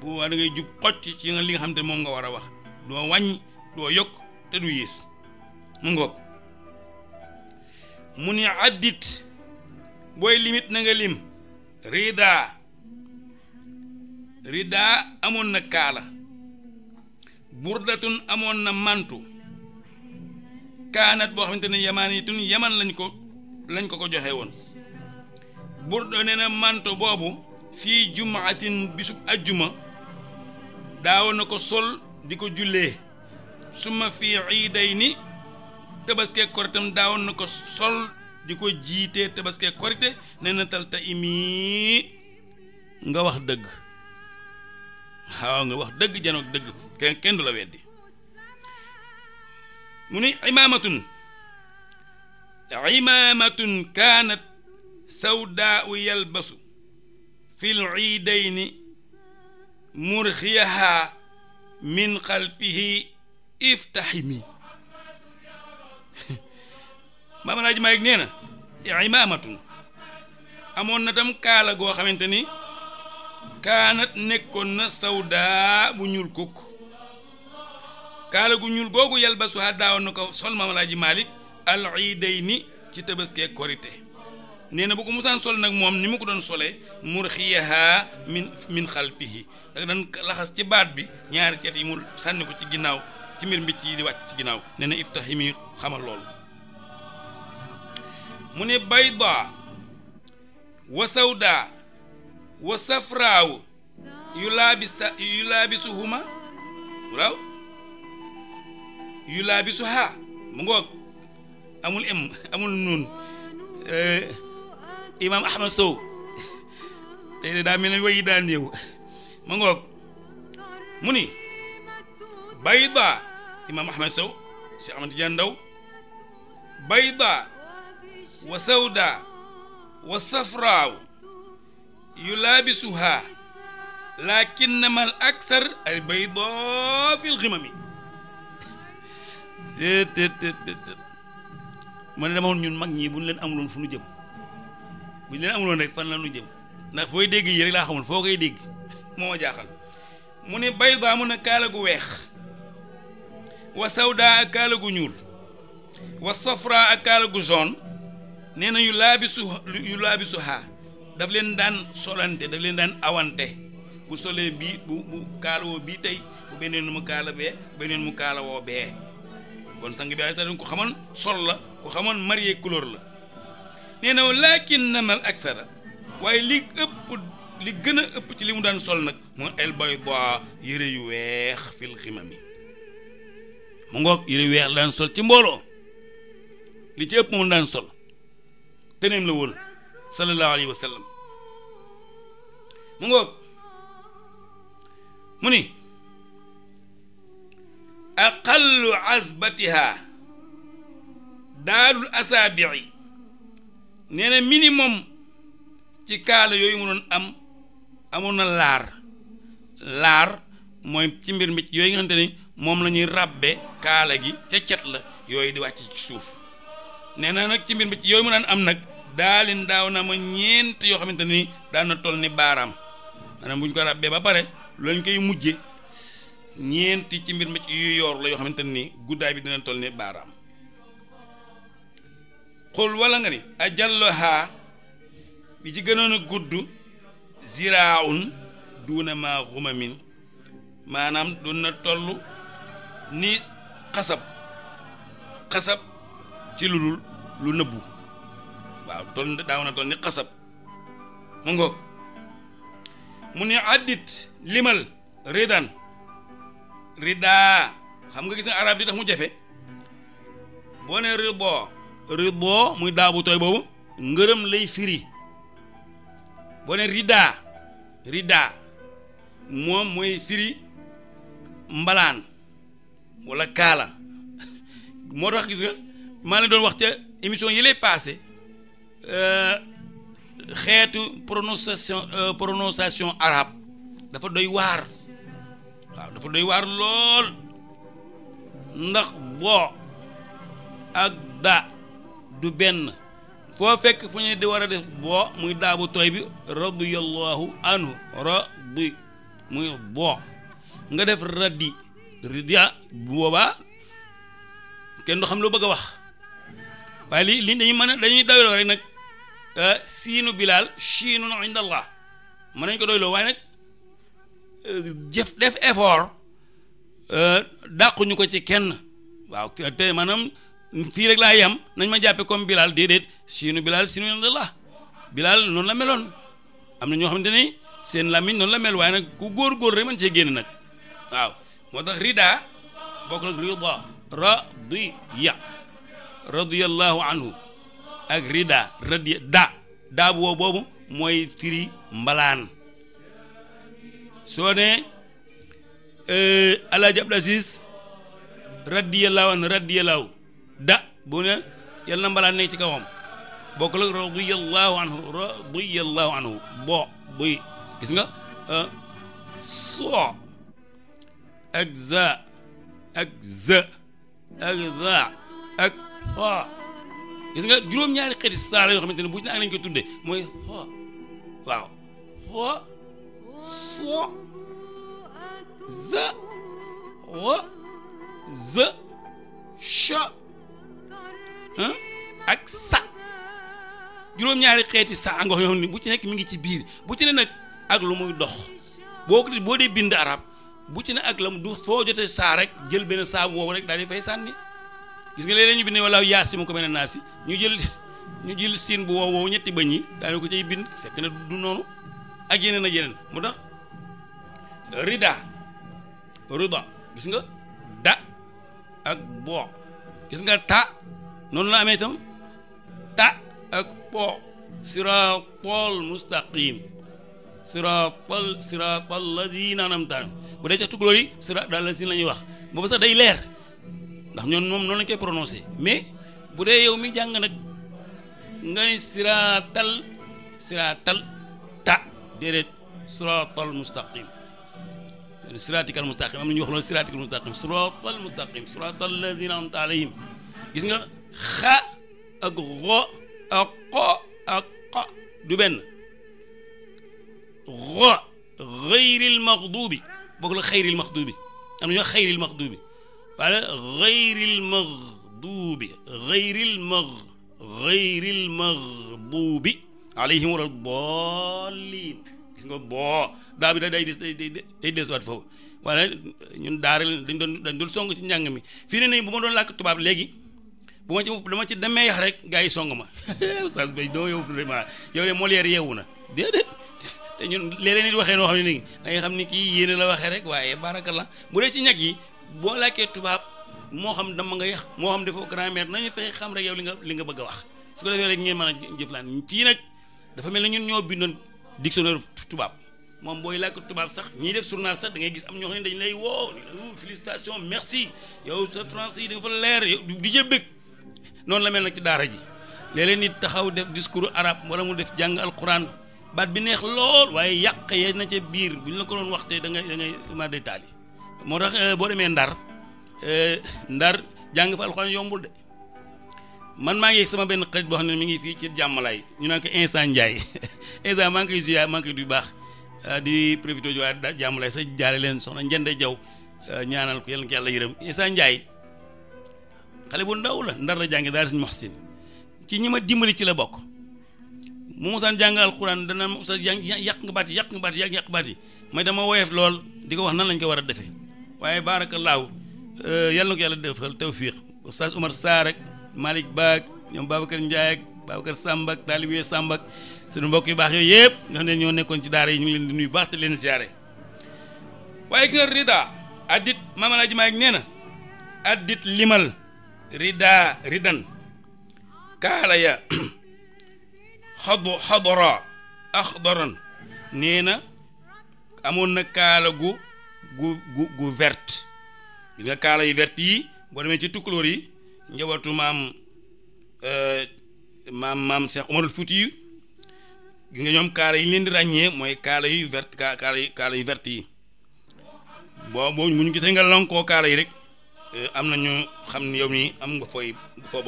A: bu waa da ngay jub xocc ci nga li nga xam te moom nga war a wax doo wàññ doo yokk te du yées mu ngoog mu ni addit booy limit na nga lim rida rida amoon na kaala burdatun amoon na mantu kaanat boo xamante ne yamaan yi tun yaman lañ ko lañ ko ko joxe woon burda nee na manto boobu fii jumaatin bisub ajjuma daawoon na ko sol di ko jullee suma fii ciiday ni tabaskee koritam daawoon na ko sol di ko jiitee tabaskee korite nee na talta imi nga wax dëgg waaw nga wax dëgg janoog dëgg kenn kenn du la weddi mu ni imaamatun imaamatun kaanat sawdaau yalbasu fi lciidayni murxiyahaa min xalfihi iftaximi *laughs* maamanaa ji maa yeg nee na imaamatun amoon na tam kaala goo xamante ni kaanat nekkoon na sawdaa bu ñuul kukk kaala gu ñuul googu yalbasuhaa daawoon na ko sol maamalaa ji maalik al ciidayni ci tëbëskee korite nee na bu ko musaan sol nag moom ni mu ko doon solee murxiyaha min min xalfihi da doon laxas ci baat bi ñaari cet yi mu sànni ko ci ginnaaw ci mbir mbicc yi di wàcc ci ginnaaw nee na iftahimi xamal lool mu ne bayda wa sawda wa safraaw yu laabisa yu laabisuhuma waaw yu laabisuha mu ngoog amul em amul nuun eh, imaam Ahmad Sow tey daa mel ne wayi daa ma ngoog mu ni bayda imaam Ahmad Sow Cheikh Ahmad Tidiane Ndaw bayda wa sawda wa safraaw yulaabisuha lakinnama al aksar al bayda fi l ma ne dama woon ñun mag ñi bu ñu leen amuloon fu ñu jëm bu ñu leen amuloon rek fan la ñu jëm ndax fooy dégg yi rek laa xamul foo koy dégg moo ma jaaxal mu ne bayda mu ne kaala gu weex wa sawda ak kaala gu ñuul wa safra ak kaala gu jaune nee na yu laabisu yu laabisu haa daf leen daan solante daf leen daan awante bu solee bii bu bu kaalawoo bii tey bu beneen mu kaala bee bu beneen mu kaalawoo bee kon sang bi ay sa ko xamoon sol la ko xamoon marié couleur la nee na lakinnamal aksara waaye li ëpp li gën a ëpp ci li mu daan sol nag mooy el bayda yëre yu weex fil ximami mu ngoog yëre yu weex daan sol ci mbooloo li ci ëpp moom daan sol teneem la woon sallallahu alayhi mu ngoog mu ni aqallu azbatiha daalul asaabii nee na minimum ci kaala yooyu mu doon am amoon na laar laar mooy ci mbir mi yooyu nga xamante ni moom la ñuy ràbbe kaala gi ca cet la yooyu di wàcc ci suuf nee na nag ci mbir mi yooyu mu daan am nag daalin daaw na ma ñeent yoo xamante ni daan na toll ni baaraam maanaam bu ko ràbbee ba pare lañ koy mujje ñeenti ci mbir mi yu yoor la yoo xamante ni guddaay bi dina toll ni baaraam xul wala nga ni ajalluhaa bi ci gënoon a gudd ziraaun duuna maa xumamin maanaam doon na tollu ni xasab xasab ci lu lu nëbbu waaw toll daaw na toll ni xasab mu ngoog mu ne addit limal ridan ridaa xam nga gis nga arab di tax mu ridoo muy daa bu tooy boobu ngërëm lay firi boo ne ridaa ridaa moom mooy firi mbalaan walla kaala moo tax gis nga maa leen doon wax ca émission yi lay passé euh, xeetu prononciation euh, prononciation arabe dafa doy waar waaw dafa doy waar lool ndax boo ak da du benn foo fekk fu ñu di war a def boo muy daabu tooy bi radiyallahu anhu radi muy boo nga def radi ridia boobaa kenn du xam loo bëgg a wax waaye li li dañuy mën a dañuy doyloo nag euh, siinu bilaal chiinun inda allah mën nañ ko doyloo waaye nag euh, jëf def effort euh, dàquñu ko ci kenn waaw te maanaam fii rek laa yam nañ ma jàppe comme bilaal déedéet siinu Bilal siinu indallah Bilal noonu la meloon am na ñoo xam ni seen làmmiñ noonu la mel waaye nag ku góor góor rek mën cee génn nag waaw moo tax rida bokk rida radiya radiyallahu anhu ak rida da daa boobu mooy firi mbalaan soo ne euh, alaaji Abdou Aziz radiyallahu anhu radiyallahu da bu yal na mbalaan ne ci kawam bokk radiyallahu anhu radiyallahu anhu bo buy gis nga ah, soo ak za ak zë ak za ak xoo gis nga juróom-ñaari xeeti saara yoo xamante ne bu ci ne ak koy tudde mooy xoo waaw soo za wa zë cha ak sa juróom-ñaari xeeti sa nga yoo xam ne bu ci nekk mu ngi ci biir bu ci ne nag ak lu muy dox boo ko boo dee bind arab bu ci ne ak la mu du foo jotee saa rek jël benn saa woowu rek daal di fay sànni gis nga léeg-léeg ñu bind wala yaasi mu ko mel ne naasi ñu jël ñu jël siin bu wow wow ñetti bëñ yi daal ko cay bind fekk na du noonu ak yeneen ak yeneen mu tax rida ruda gis nga da ak boo gis nga ta noonu la amee itam ta ak po siraatal mustaqim siraatal siraatal lazina an'amta bu dee ca tukulóor yi siraatal lazina la ñuy wax boobu sax day leer ndax ñoom moom noonu lañ koy prononcé mais bu dee yow mi jàng nag nga ne siraatal siraatal ta déedéet siraatal mustaqim siraatikal mustaqim am na ñuy wax loolu siraatikal mustaqim siraatal mustaqim siraatal lazina an'amta alayhim gis nga xa ak xo ak xo ak xo du benn xo xayril maxduubi bokkul xayril am na ñoo xayril maxduubi wala xayril maxduubi xayril max xayril maxduubi alayhim wala daalliin gis nga boo daa bi day des day day des waat foofu wala ñun dañ doon dañ doon song ci njàng mi fii ne nii bu ma doon làkk tubaab léegi bu ma ci dama ci demee yax rek gaa yi song ma *laughs* oustaz Mbaye doo yow vraiment yow de yeewu na déedéet *laughs* te ñun léeg nit waxee noo xam ne nii da xam ni kii yéene la waxee rek waaye barakallah bu ci ñag yi boo làkkee tubaab moo xam dama nga yax moo xam defoo grammaire nañu fexe xam rek yow li nga li nga bëgg a wax su ko defee rek ngeen mën a jëflaan fii nag dafa mel ne ñun ñoo bindoon dictionnaire tubaab moom booy làkk tubaab sax ñiy def journal sax da ngay gis am ñoo xam ne dañ lay woo félicitation merci yow sa français yi dafa leer di jëbëg noonu la mel nag ci daara ji léeg-léeg nit taxaw def discours arabe wala mu def jàng alquran baat bi neex lool waaye yàq ya na ca biir bu ñu la ko doon waxtee da ngay da ngay ma moo tax euh, boo demee ndar euh, ndar jàng fa alxuraan yombul de man maa ngi sama benn xarit boo xam ne mu ngi fii ci jàmmalaay ñu naan ko instant Ndiaye *laughs* instant maa ngi koy ziar maa koy du baax euh, di profité ji daal jàmmalaay sa jaale leen soxna Njende Jaw ñaanal ko yàlla ko yàlla yërëm instant xale bu ndaw la ndar la jànge daal suñu Muhsin ci ñi ma dimbali ci la bokk mu mosaan jàng alxuraan dana sa yàq nga baat yàq nga baat yi yàq yàq baat may dama woyof lool di ko wax nan lañ ko war a defee waaye baarakallaahu euh, yàlla na ko yàlla defal tawfiq Oustaz Oumar Sarr ak Malick Ba ñoom Babacar Ndiaye ak Babacar Samb ak Talibé Samb ak suñu mbokk baax yooyu yëpp nga xam ne ñoo nekkoon ci daara yi ñu ngi leen di nuyu baax te leen siyaare waaye ki nga rida rida ridan kaalaya xad xadara axdaran nee na amoon na kaala gu gu gu gu verte gis nga kaala yu vert yi boo demee ci tukulóor yi njabootu maam euh, maam maam Cheikh Omarul Fuuti yi gis nga ñoom kaala yi leen di ràññee mooy kaala yu vert kaala yu kaala yu vert yi boo boo mu ñu gisee nga lonkoo kaala yi rek Euh, am na ñu xam ne yow mii am nga fooy foo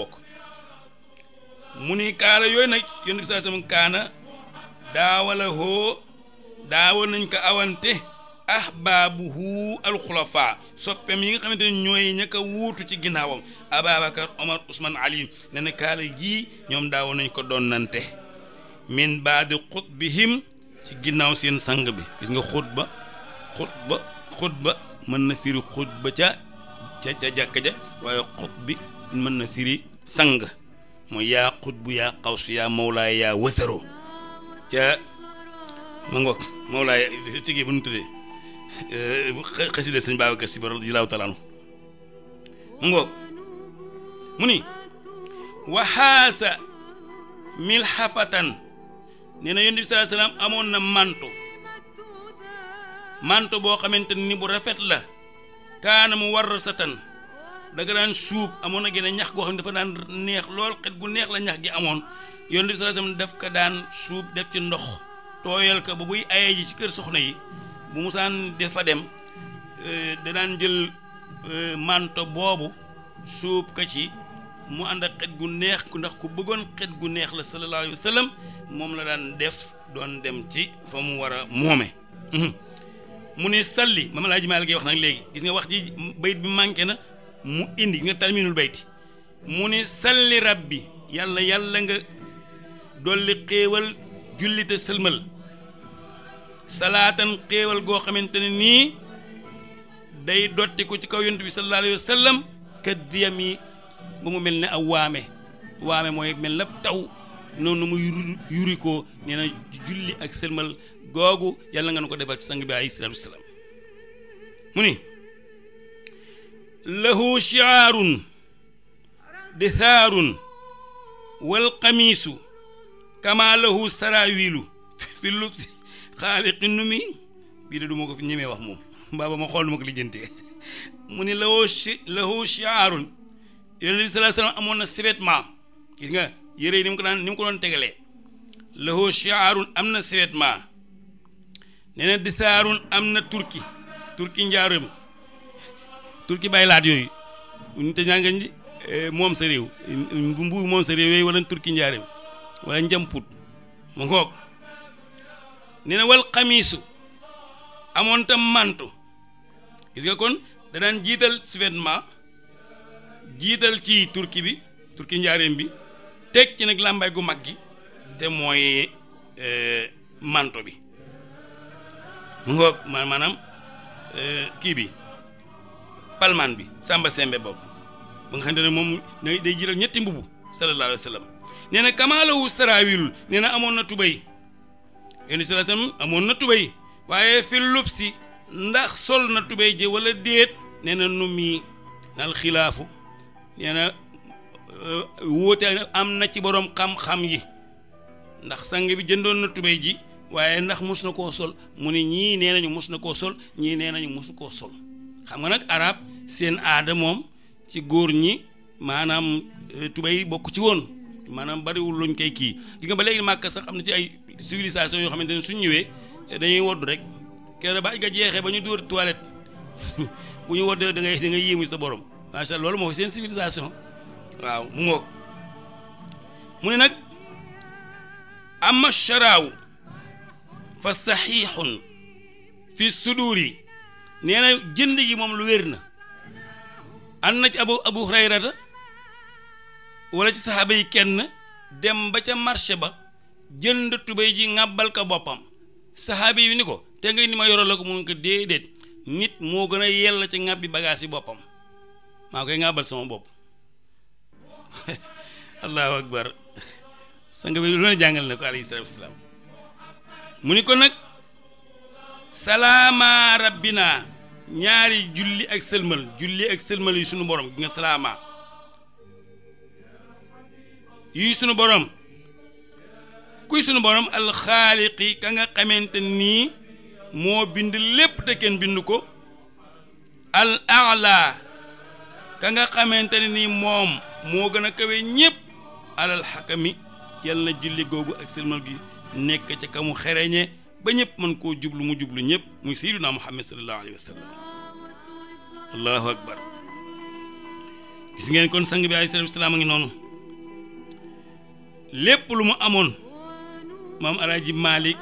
A: mu ni kaala yooyu nag yonent bi sallallahu kaana daawala hoo daawa nañ ko awante ahbaabuhu alxulafa soppeem yi nga xamante ne ñooy ña ko wuutu ci ginnaawam Ababacar Omar Ousmane Ali ne na kaala jii ñoom daawa nañ ko doon nante donnante min baadi xutbihim ci ginnaaw seen sang bi gis nga xutba xutba xutba mën na firi xutba ca ca ca jàkka ja waaye xut mën na firi sang mooy yaa xut bu yaa xawsu yaa mawlaay yaa wasaro ca ma ngoog mawlaay tigee bu nu tuddee eh, xasida sëñ Babacar Sy radiyallaahu taala anhu mu ngoog mu ni waxaasa milxafatan nee na yonent bi amoon na manto manto boo xamante ni bu rafet la kaana mu war satan da nga daan suub amoon a gën ñax goo xam ne dafa daan neex lool xet gu neex la ñax gi amoon yoon bi sallallahu alayhi wasallam daf ko daan suub def ci ndox tooyal ko ba buy ayee ji ci kër soxna yi bu musaan defa dem euh, da daan jël euh, mànto boobu suub ko ci mu ànd ak xet gu neex ndax ku bëggoon xet gu neex la sallallahu alayhi moom la daan def doon dem ci fa mu war a moome mu ne salli ma laa ji maa wax nag léegi gis nga wax ji bayit bi manqué na mu indi nga talminul bayti mu ne salli rabbi yàlla yàlla nga dolli xéewal jullite sëlmal salaatan xéewal goo xamante ne nii day dotti ko ci kaw yonent bi sallallahu alayhi wa sallam kaddiyam yi ba mu mel ni aw waame waame mooy mel na taw noonu mu yuri yuri ko nee na julli ak sëlmal googu yàlla nga nu ko defal ci sang bi alayhi salaatu wasalaam mu ni lahu shiaarun dithaarun wal qamiisu kama lahu sarawilu fi lubsi xaaliqi numi bii de du ma ko fi ñemee wax mu mbaaba ma xool nu ko lijjantee mu ni lahu shi lahu shiaarun yonent bi sallallahu alayhi wasallam amoon na sous-vêtement nga yére yi ko daan ni mu ko doon tegalee lahu shiaarun am na sous-vêtement nee na di saarun am na turki turki njaareem turki bay laat yooyu ñu te ñaa eh, moom sa réew mbu moom sa réew yooyu wala turki njaareem wala njamput mu ngoog nee na wal xamiisu amoon tam mantu gis kon danaan jiital survêtement jiital ci turki bi turki njaareem bi teg ci nag làmbaay gu mag gi te mooy eh, manto bi mu ngoog maanaam euh, kii bi palmaan bi sàmba sembe boobu ba nga xam ne moom day jiral ñetti mbubu sallallahu alayhi wa sallam nee na kamaalawu saraawilul amoon na tubay yéen amoon na tubay waaye fi lub si ndax sol na tubay ji wala déet nee na num yi nal xilaafu nee na euh, am na ci boroom xam-xam yi ndax sang bi jëndoon na tubay ji waaye ndax mus na koo sol mu ne ñii nee nañu mos na koo sol ñii nee nañu musu koo sol xam nga nag araab seen aada moom ci góor ñi maanaam euh, tubéy bokk ci woon maanaam bariwul luñ koy kii gi nga ba màkk sax am na ci ay civilisation yoo xamante ne suñ ñëwee eh, dañuy wodd rek kere ba nga jeexee ba ñu dóor toilette *laughs* bu ñu woddee da ngay da ngay yéemu sa borom macha loolu moo seen civilisation waaw mu ngoog mu ne nag ama sharaaw fa saxiixun fi suduuri nee na jënd gi moom lu wér na ànd na ci abu abu hurayrata wala ci saxaaba yi kenn dem ba ca marché ba jënd tubéy ji ŋàbbal ko boppam saxaaba yi ni ko te nga ni ma yoro la ko mun ko déedéet nit moo gën a yella ci ŋàbbi bagaas yi boppam maa koy ŋàbbal sama bopp *laughs* allahu akbar sanga bi lu ne jàngal na ko alayhi salaatu wasalaam mu ni ko nag salaama rabbina ñaari julli ak sëlmal julli ak sëlmal yi sunu borom gi nga salaama yi sunu borom kuy sunu borom alxaaliqi ka nga xamante nii moo bind lépp te kenn bind ko al ala ka nga xamante ne nii moom moo gën a kawe ñépp alal xakami yal na julli googu ak sëlmal gi nekk ca kamu xereñe ba ñëpp mën koo jublu mu jublu ñëpp muy sayyiduna muhammad sallallahu alayhi wa sallam allahu akbar gis kon sang bi alayhi ngi noonu lépp lu mu amoon maam alaaji malik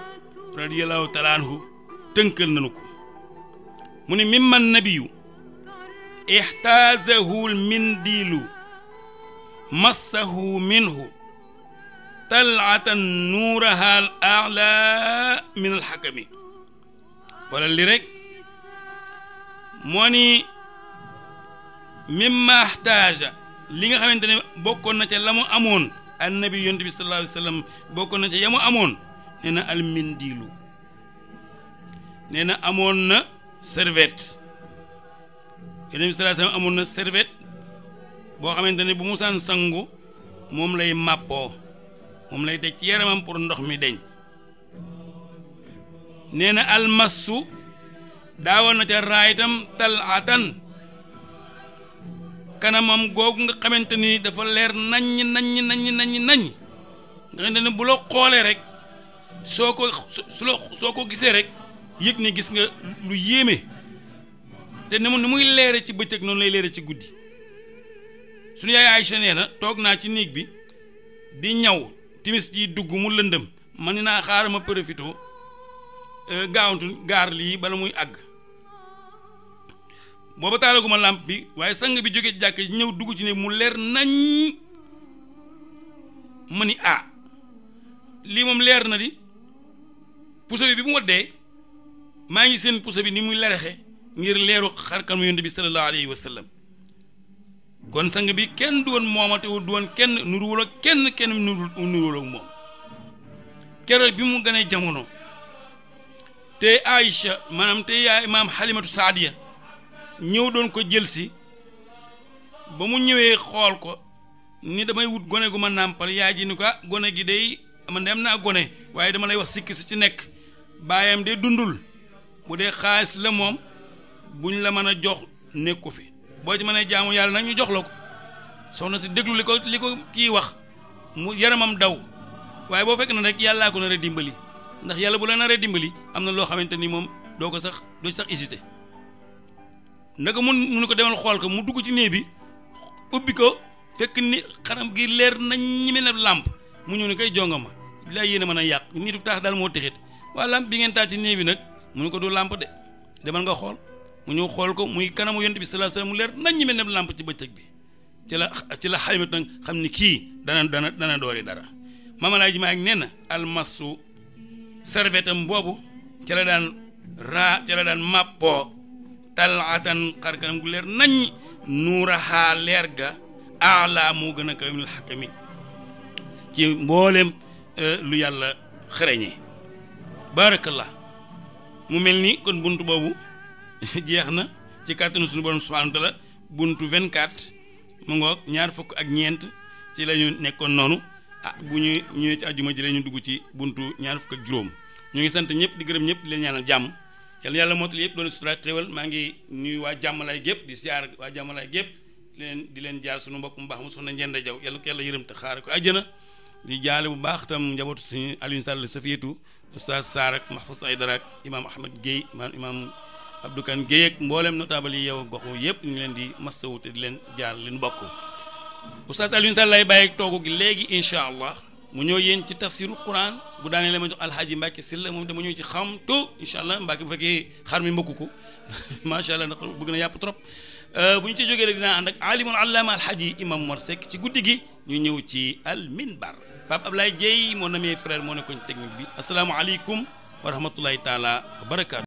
A: radiyallahu taala anhu tënkal nañu ko mu ne mimman nabiyu ixtaazahu mindilu massahu minhu talatan nuuraha al ala min al wala li rek moo ni ma xtaaja li nga xamante ne bokkoon na ca la mu amoon annabi yonent bi sallallahu bokkoon na ca ya amoon nee na almindiilu nee na amoon na serviette yonent bi sallallahu alayhi amoon na serviette boo xamante ne bu musaan sangu moom lay màppoo moom lay teg ci yaramam pour ndox mi deñ nee na almasu daawoon na ca raayitam talaatan kanamam googu nga xamante ni dafa leer naññ naññ nañ naññ nga xamante ne bu la xoolee rek soo ko su soo ko gisee rek yëg ne gis nga lu yéeme te ni mu muy leere ci bëccëg noonu lay leere ci guddi suñu yaay Aïcha nee na toog naa ci néeg bi di ñaw timis ji dugg mu lëndëm ni naa xaaral ma profité euh, gaawantu gaar lii bala muy àgg booba taalaguma làmp bi waaye sang bi jóge jàkk ñëw dugg ci ne mu leer nañ ma ni ah lii moom leer na di puso bi bi mu waddee maa ngi seen puso bi ni muy lerexe ngir leeru xarkam yonent bi sallallahu alayhi kon sang bi kenn du woon moomatewul du woon kenn nuruwul ak kenn kenn nuruwul ak moom keroog bi mu gënee jamono te Aïcha maanaam te yaay maam Halimatu Saadiya ñëw doon ko jël si ba mu ñëwee xool ko ni damay wut gone gu ma nàmpal yaay ji ni ko ah, gone gi day man de naa gone waaye dama lay wax sikki si ci nekk baayam de dundul bu dee xaalis la moom buñ la mën a jox nekku fi boo ci mënee jaamu yàlla nag ñu jox la ko soxna si déglu li ko li ko kii wax mu yaramam daw waaye boo fekk na rek yàllaa ko nar dimbali ndax yàlla bu la naree dimbali am na loo xamante ni moom doo ko sax doo sax hésité naka mun mun ko demal xool ko mu dugg ci néeg bi ubbi ko fekk ni xaram gi leer nañ ñi mel ne làmp mu ñëw ni koy jonga ma lay yéen a mën a yàq nitu taax daal moo texit waa làmp bi ngeen taal ci néeg bi nag mu ne ko du làmp de demal nga xool mu ñëw xool ko muy kanamu yonent bi sallallahu alayhi wasallam leer nañ ñi mel ne làmp ci bëccëg bi ci la ci la xam ni kii dana dana dana doori dara mamalaa ji maa ngi nee na almasu servetam boobu ci la daan raa ci la daan màppoo talaatan xarkanam gu leer nañ nuurahaa leer ga ala moo gën a kaw minal xakami ci mboolem euh, lu yàlla xereñe barakallah mu mel ni kon bunt boobu *laughs* jeex na ci kàttanu suñu borom subhaanahu wa taala buntu 24 mu ngoog ñaar fukk ak ñeent ci la ñu nekkoon noonu ah bu ñuy ñu ñëwee ci àjjuma ji la ñu dugg ci buntu ñaar fukk ak juróom ñu ngi sant ñëpp di gërëm ñëpp di leen ñaanal jàmm yàlla yàlla mootali yëpp doon sutura xéewal maa ngi ñuy waa jàmmalaay gépp di siyaar waa jàmmalaay gépp di leen di leen jaar suñu mbokk mu baax mu soxna Njenda Jaw yàlla ko yàlla yërëm te xaare ko àjjana di jaale bu baax tam njabootu suñu Alioune Sall Safiyatu Oustaz Sarr ak Mahfous Aydara ak imaam Ahmed Guèye imaam Abdou Kane Guèye ak mboolem notable yi yow goxu yëpp ñu leen di masawu te di leen jaar leen bokk oustaz Alioune Sall lay bàyyi toogu gi léegi incha allah mu ñëw yéen ci tafsiru quran bu daanee la ma jox alxaaji Mbàkke Sylla moom dama ñëw ci xamtu incha allah Mbàkke bu fekkee xar mi mbokku ko *laughs* macha allah ndax bëgg na yàpp trop euh, bu ñu ci jógee rek dinaa ànd ak alimul allama alxaaji imam Mor ci guddi gi ñu ñëw ci al minbar Pape Ablaye Dieye mon ami frère moo nekkoon technique bi asalaamaaleykum wa rahmatullahi taala